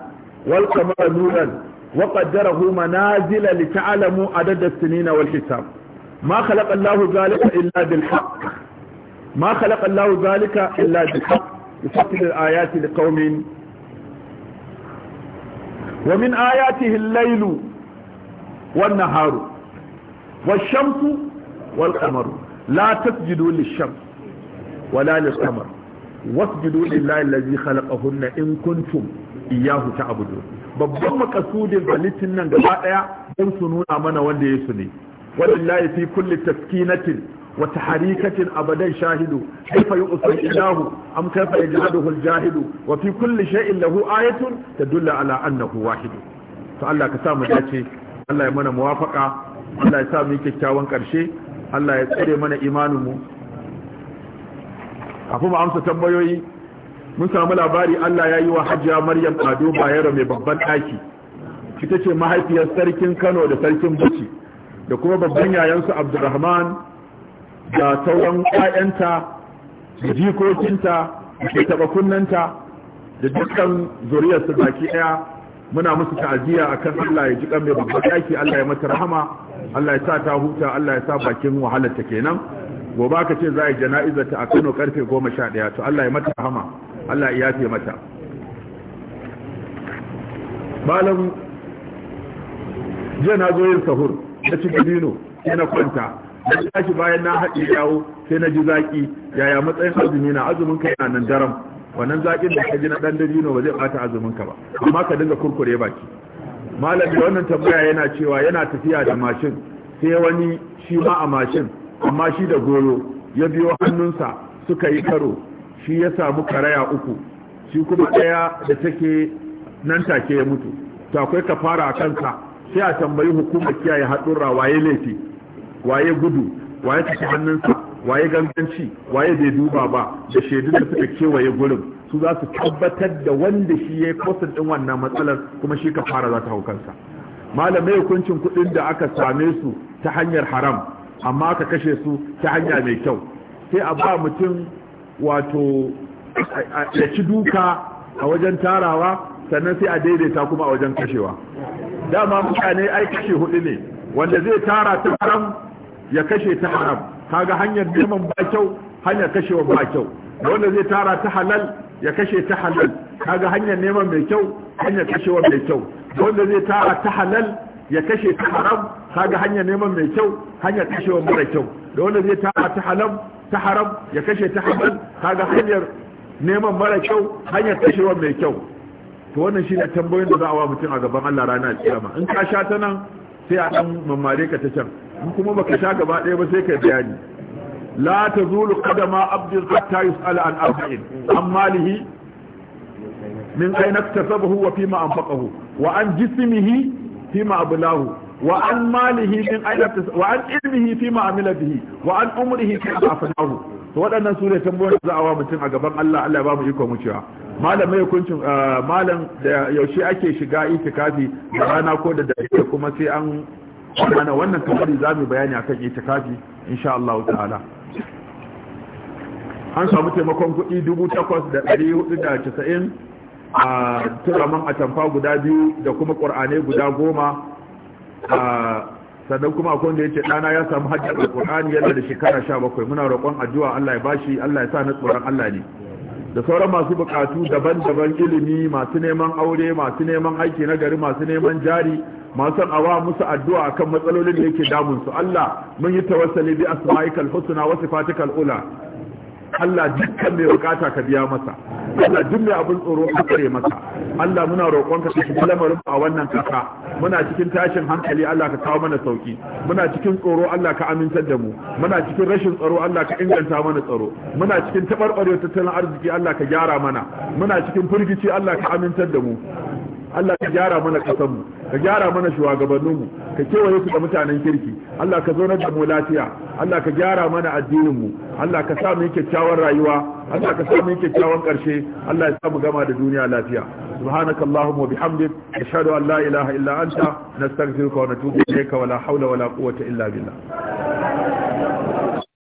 wal qamara nuran وقدره منازل لتعلموا عدد السنين والحساب ما خلق الله ذلك إلا بالحق ما خلق الله ذلك إلا بالحق يفكر الآيات لقوم ومن آياته الليل والنهار والشمس والقمر لا تسجدوا للشمس ولا للقمر واسجدوا لله الذي خلقهن إن كنتم إياه تعبدون babban makasudin halittin nan gaba daya don su nuna mana wanda ya su ne wallahi fi kulli taskinatin wa taharikatin abadan shahidu kaifa yu'sul ilahu am kaifa yajhaduhu aljahidu wa fi kulli shay'in lahu ayatun tadullu ala annahu wahid to Allah ka sa mu dace Allah ya mana muwafaka Allah ya sa mu kyakkyawan karshe Allah ya tsare mana imanin mu kafin mu amsa tambayoyi mun samu labari Allah ya yi wa hajjiya Maryam Ado Bayero mai babban ɗaki ta ce mahaifiyar sarkin Kano da sarkin Bauchi da kuma babban yayansu Abdulrahman da sauran ƙa’yanta, da jikokinta da taɓa kunnanta da dukkan zuriyarsu baki ɗaya muna musu ta'aziyya akan Allah ya ji mai babban ɗaki Allah ya mata rahama Allah ya sa ta huta Allah ya sa bakin wahalar ta kenan gobe aka ce za a yi jana'izarta a Kano karfe 11 to Allah ya mata rahama Allah ya fi mata malam jiya na zo yin sahur na ci dabino sai na kwanta na tashi bayan na haɗe yawo sai na ji zaƙi yaya matsayin azumi na azumin ka yana nan daram wannan zaƙin da ka ji na ɗan dabino ba zai ɓata azumin ka ba amma ka dinga kurkure baki malam da wannan tambaya yana cewa yana tafiya da mashin sai wani shi ma a mashin amma shi da goro ya biyo hannunsa suka yi karo shi ya samu karaya uku shi kuma ɗaya da take nan take ya mutu to akwai kafara a kanka sai a tambayi hukumar kiyaye haɗurra waye laifi waye gudu waye tafi hannunsa waye ganganci waye bai duba ba da shaidu da suka kewaye gurin su za su tabbatar da wanda shi ya yi ɗin wannan matsalar kuma shi kafara za ta hau kansa malamai hukuncin kuɗin da aka same su ta hanyar haram amma aka kashe su ta hanya mai kyau sai a ba mutum wato ya ci duka a wajen tarawa sannan sai a daidaita kuma a wajen kashewa dama mutane ai kashe hudu ne wanda zai tara ta haram ya kashe ta haram kaga hanyar neman ba kyau hanyar kashewa ba kyau wanda zai tara ta halal ya kashe ta halal kaga hanyar neman mai kyau hanyar kashewa mai kyau wanda zai tara ta halal ya kashe ta haram kaga hanyar neman mai kyau hanyar kashewa mara kyau da wanda zai tara ta halal ta haram ya kashe ta haram kaga hanyar neman mara kyau hanyar kashewa mai kyau to wannan shine tambayoyin da za a wa mutum a gaban Allah ranar kiyama in ka sha ta nan sai a dan mamare ka ta can in kuma baka sha gaba ɗaya ba sai ka bayani la tazulu qadama abdin hatta yus'ala an arba'in amma lihi min aina iktasabahu wa fima anfaqahu wa an jismihi fima ablahu wa an malihi min ayyata wa an ilmihi fi ma amila to waɗannan su ne tambayoyin da awa mutum a gaban Allah Allah ya ba mu iko mu cewa malam eh, da yaushe ake shiga itikafi da rana ko da dare kuma sai an mana wannan kamar za mu bayani akan itikafi insha Allah ta'ala an samu taimakon kuɗi dubu takwas da ɗari hudu da casa'in a turaman atamfa guda biyu da kuma ƙur'anai guda goma sannan kuma akwai wanda ya ce ɗana ya samu a alkur'ani yana da shekara sha bakwai muna roƙon addu'a Allah ya bashi Allah ya sa na tsoron Allah ne da sauran masu buƙatu daban-daban ilimi masu neman aure masu neman aiki na gari masu neman jari masu awa musu addu'a akan matsalolin da yake damun su Allah mun yi tawassali bi asma'ikal husna wa sifatikal ula Allah dukkan mai bukata ka biya masa Allah duk mai abin tsoro ka kare masa Allah muna roƙon ka cikin lamarin a wannan kasa muna cikin tashin hankali Allah ka kawo mana sauki muna cikin tsoro Allah ka amintar da mu muna cikin rashin tsaro Allah ka inganta mana tsaro muna cikin taɓarɓarewar tattalin arziki Allah ka gyara mana muna cikin firgici Allah ka amintar da mu Allah ka gyara mana kasan mu ka gyara mana shugabannin mu ka kewaye su da mutanen kirki Allah ka zaunar da mu lafiya Allah ka gyara mana addinin mu Allah ka sa mu yi kyakkyawan rayuwa Allah ka sa mu yi kyakkyawan karshe Allah ya sa mu gama da duniya lafiya سبحانك اللهم وبحمدك أشهد أن لا إله إلا أنت نستغفرك ونتوب إليك ولا حول ولا قوة إلا بالله